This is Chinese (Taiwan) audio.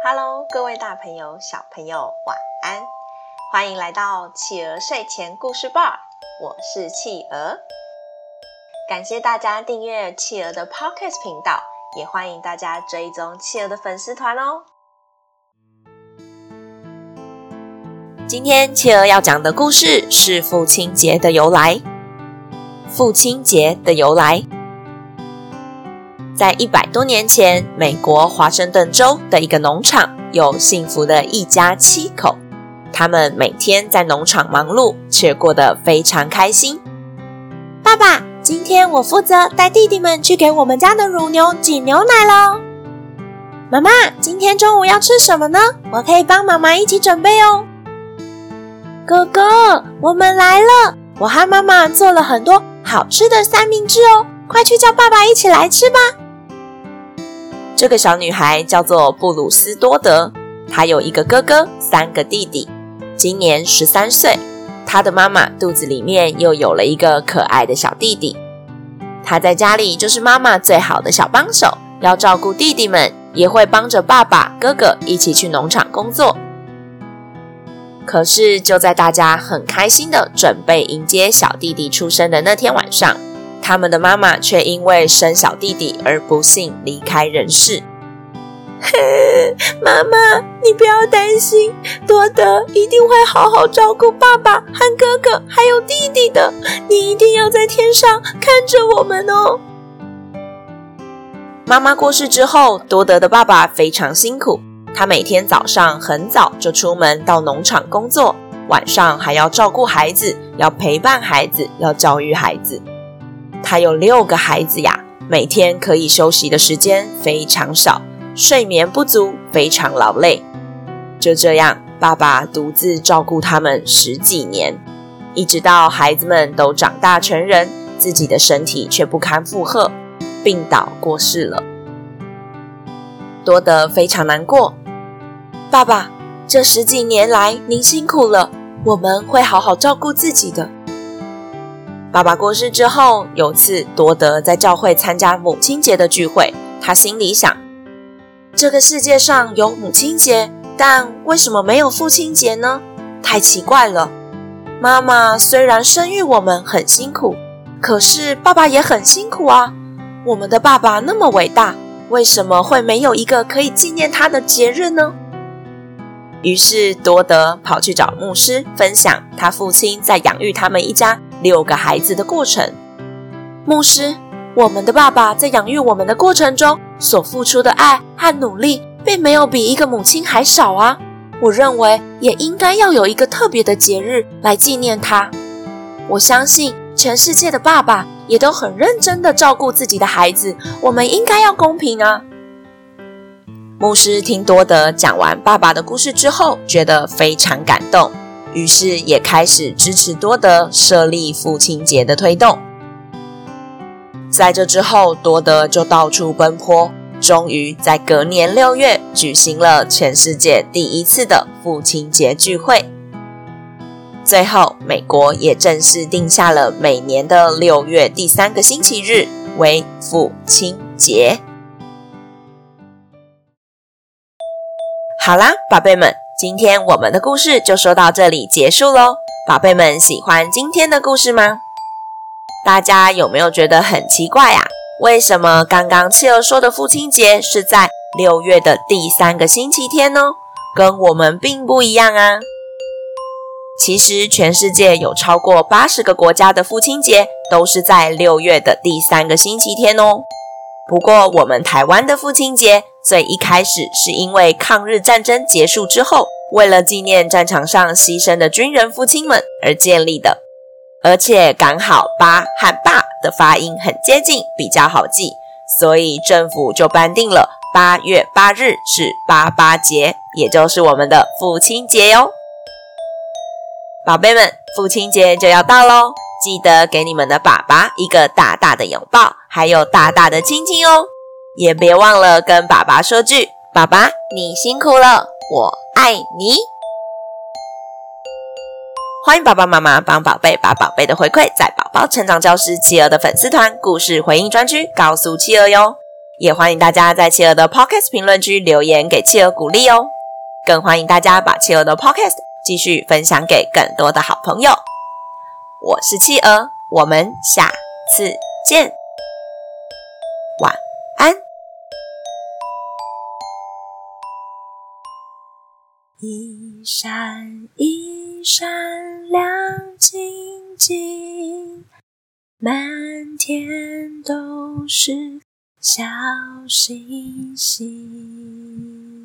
哈嘍各位大朋友、小朋友，晚安！歡迎來到企鵝睡前故事吧，我是企鵝。感謝大家訂閱企鵝的 Podcast 頻道，也歡迎大家追蹤企鵝的粉絲團哦。今天企鵝要講的故事是父親節的由來。父親節的由來。在一百多年前，美國華盛頓州的一個農場有幸福的一家七口，他們每天在農場忙碌，卻過得非常開心。爸爸，今天我負責帶弟弟們去給我們家的乳牛擠牛奶嘍。媽媽，今天中午要吃什麼呢？我可以幫媽媽一起準備哦。哥哥，我們來了！我和媽媽做了很多好吃的三明治哦，快去叫爸爸一起來吃吧。這個小女孩叫做布魯斯多德，她有一個哥哥，三個弟弟，今年十三歲。她的媽媽肚子裡面又有了一個可愛的小弟弟。她在家裡就是媽媽最好的小幫手，要照顧弟弟們，也會幫着爸爸、哥哥一起去農場工作。可是就在大家很開心的準備迎接小弟弟出生的那天晚上。他們的媽媽卻因為生小弟弟而不幸離開人世。嘿，媽媽，你不要擔心，多德一定會好好照顧爸爸和哥哥，還有弟弟的。你一定要在天上看着我們哦。媽媽過世之後，多德的爸爸非常辛苦，他每天早上很早就出門到農場工作，晚上還要照顧孩子，要陪伴孩子，要教育孩子。他有六個孩子呀，每天可以休息的時間非常少，睡眠不足，非常勞累。就這樣，爸爸獨自照顧他們十幾年，一直到孩子們都長大成人，自己的身體卻不堪負荷，病倒過世了。多德非常難過，爸爸，這十幾年來您辛苦了，我們會好好照顧自己的。爸爸過世之後，有一次多德在教會參加母親節的聚會，他心裡想：這個世界上有母親節，但為什麼沒有父親節呢？太奇怪了！媽媽雖然生育我們很辛苦，可是爸爸也很辛苦啊！我們的爸爸那麼偉大，為什麼會沒有一個可以紀念他的節日呢？於是多德跑去找牧師，分享他父親在養育他們一家。六個孩子的過程，牧師，我們的爸爸在養育我們的過程中所付出的愛和努力，並沒有比一個母親還少啊！我認為也應該要有一個特別的節日來紀念他。我相信全世界的爸爸也都很認真的照顧自己的孩子，我們應該要公平啊！牧師聽多德講完爸爸的故事之後，覺得非常感動。於是也開始支持多德設立父親節的推動。在這之後，多德就到處奔波，終於在隔年六月舉行了全世界第一次的父親節聚會。最後，美國也正式定下了每年的六月第三個星期日為父親節。好啦，寶貝們。今天我們的故事就說到這裡結束嘍，寶貝們喜歡今天的故事嗎？大家有沒有覺得很奇怪啊？為什麼剛剛企鵝說的父親節是在六月的第三個星期天呢？跟我們並不一樣啊。其實全世界有超過八十個國家的父親節都是在六月的第三個星期天哦。不過我們台灣的父親節最一開始是因為抗日戰爭結束之後。為了紀念戰場上犧牲的軍人父親們而建立的，而且剛好“八”和“爸”的發音很接近，比較好記，所以政府就頒定了八月八日是“八八節”，也就是我們的父親節喲。寶貝們，父親節就要到嘍，記得給你們的爸爸一個大大的擁抱，還有大大的親親哦，也別忘了跟爸爸說句：“爸爸，你辛苦了。”我愛你。歡迎爸爸媽媽幫寶貝把寶貝的回饋在寶寶成長教室企鵝的粉絲團故事回應專區告訴企鵝喲。也歡迎大家在企鵝的 podcast 評論區留言給企鵝鼓勵喲。更歡迎大家把企鵝的 podcast 繼續分享給更多的好朋友。我是企鵝，我們下次見。晚安。一閃一閃亮晶晶，滿天都是小星星。